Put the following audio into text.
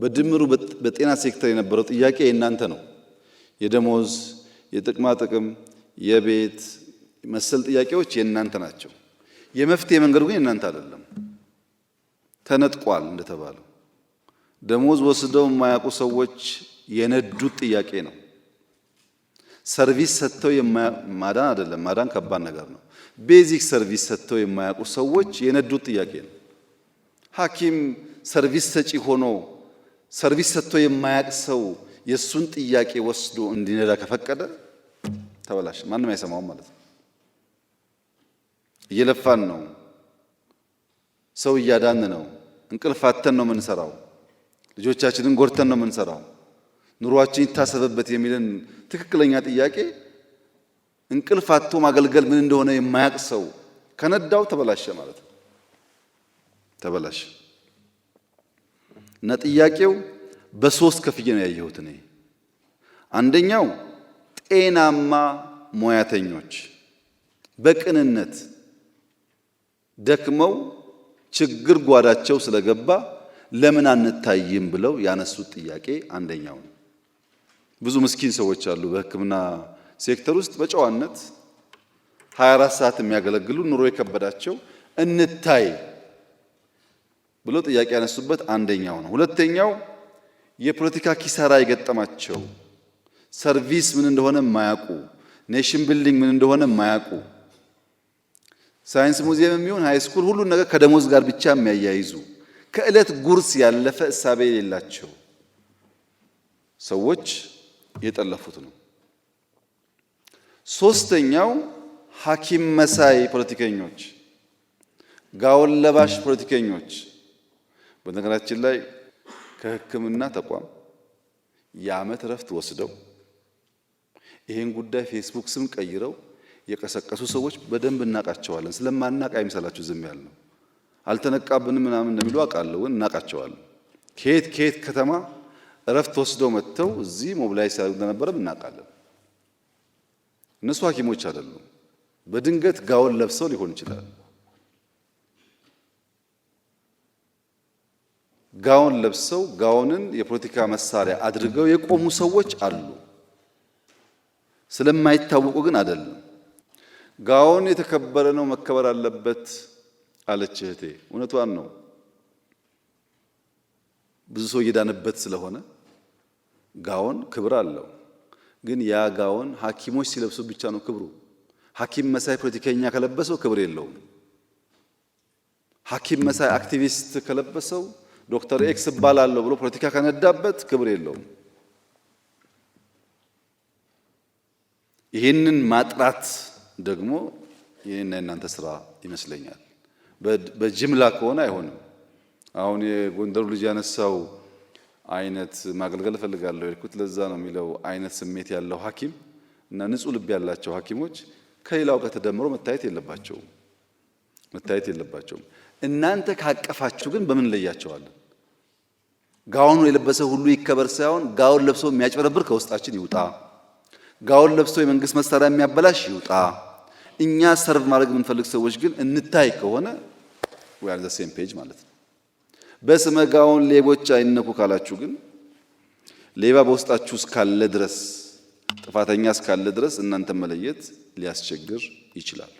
በድምሩ በጤና ሴክተር የነበረው ጥያቄ የእናንተ ነው። የደሞዝ፣ የጥቅማ ጥቅም፣ የቤት መሰል ጥያቄዎች የእናንተ ናቸው። የመፍትሄ መንገዱ ግን የእናንተ አይደለም፣ ተነጥቋል። እንደተባለው ደሞዝ ወስደው የማያውቁ ሰዎች የነዱት ጥያቄ ነው። ሰርቪስ ሰጥተው ማዳን አይደለም፣ ማዳን ከባድ ነገር ነው። ቤዚክ ሰርቪስ ሰጥተው የማያውቁ ሰዎች የነዱት ጥያቄ ነው። ሐኪም ሰርቪስ ሰጪ ሆኖ ሰርቪስ ሰጥቶ የማያቅ ሰው የእሱን ጥያቄ ወስዶ እንዲነዳ ከፈቀደ ተበላሸ ማንም አይሰማውም ማለት ነው። እየለፋን ነው፣ ሰው እያዳን ነው፣ እንቅልፍ አተን ነው የምንሰራው፣ ልጆቻችንን ጎድተን ነው የምንሰራው፣ ኑሯችን ይታሰብበት የሚልን ትክክለኛ ጥያቄ እንቅልፍ አቶ ማገልገል ምን እንደሆነ የማያቅ ሰው ከነዳው ተበላሸ ማለት ነው። ተበላሸ። እና ጥያቄው በሶስት ከፍዬ ነው ያየሁት እኔ። አንደኛው ጤናማ ሙያተኞች በቅንነት ደክመው ችግር ጓዳቸው ስለገባ ለምን አንታይም ብለው ያነሱት ጥያቄ አንደኛው ነው። ብዙ ምስኪን ሰዎች አሉ በሕክምና ሴክተር ውስጥ በጨዋነት 24 ሰዓት የሚያገለግሉ ኑሮ የከበዳቸው እንታይ ብሎ ጥያቄ ያነሱበት አንደኛው ነው። ሁለተኛው የፖለቲካ ኪሳራ የገጠማቸው ሰርቪስ ምን እንደሆነ የማያውቁ ኔሽን ቢልዲንግ ምን እንደሆነ የማያውቁ ሳይንስ ሙዚየም የሚሆን ሃይ ስኩል ሁሉን ነገር ከደሞዝ ጋር ብቻ የሚያያይዙ ከእለት ጉርስ ያለፈ እሳቤ የሌላቸው ሰዎች የጠለፉት ነው። ሶስተኛው ሐኪም መሳይ ፖለቲከኞች፣ ጋውን ለባሽ ፖለቲከኞች በነገራችን ላይ ከሕክምና ተቋም የዓመት እረፍት ወስደው ይህን ጉዳይ ፌስቡክ ስም ቀይረው የቀሰቀሱ ሰዎች በደንብ እናቃቸዋለን። ስለማናቅ አይምሰላችሁ ዝም ያል ነው አልተነቃብንም ምናምን እንደሚሉ አውቃለሁ፣ ግን እናቃቸዋለን። ከየት ከየት ከተማ እረፍት ወስደው መጥተው እዚህ ሞብላይ ሲያደርጉ እንደነበረም እናውቃለን። እነሱ ሐኪሞች አይደሉም። በድንገት ጋውን ለብሰው ሊሆን ይችላል። ጋውን ለብሰው ጋውንን የፖለቲካ መሳሪያ አድርገው የቆሙ ሰዎች አሉ። ስለማይታወቁ ግን አይደለም። ጋውን የተከበረ ነው መከበር አለበት አለች እህቴ። እውነቷን ነው። ብዙ ሰው እየዳነበት ስለሆነ ጋውን ክብር አለው። ግን ያ ጋውን ሐኪሞች ሲለብሱ ብቻ ነው ክብሩ። ሐኪም መሳይ ፖለቲከኛ ከለበሰው ክብር የለውም። ሐኪም መሳይ አክቲቪስት ከለበሰው ዶክተር ኤክስ እባላለሁ ብሎ ፖለቲካ ከነዳበት ክብር የለውም። ይህንን ማጥራት ደግሞ ይህና የእናንተ ስራ ይመስለኛል። በጅምላ ከሆነ አይሆንም። አሁን የጎንደሩ ልጅ ያነሳው አይነት ማገልገል እፈልጋለሁ የልኩት ለዛ ነው የሚለው አይነት ስሜት ያለው ሐኪም እና ንጹህ ልብ ያላቸው ሐኪሞች ከሌላው ጋር ተደምሮ መታየት የለባቸውም መታየት የለባቸውም። እናንተ ካቀፋችሁ ግን በምን ለያቸዋለን? ጋውኑ የለበሰ ሁሉ ይከበር ሳይሆን ጋውን ለብሶ የሚያጭበረብር ከውስጣችን ይውጣ፣ ጋውን ለብሶ የመንግስት መሳሪያ የሚያበላሽ ይውጣ። እኛ ሰርቭ ማድረግ የምንፈልግ ሰዎች ግን እንታይ ከሆነ we are the ማለት ነው። በስመ ጋውን ሌቦች አይነኩ ካላችሁ ግን ሌባ በውስጣችሁ እስካለ ድረስ ጥፋተኛ እስካለ ድረስ እናንተ መለየት ሊያስቸግር ይችላል።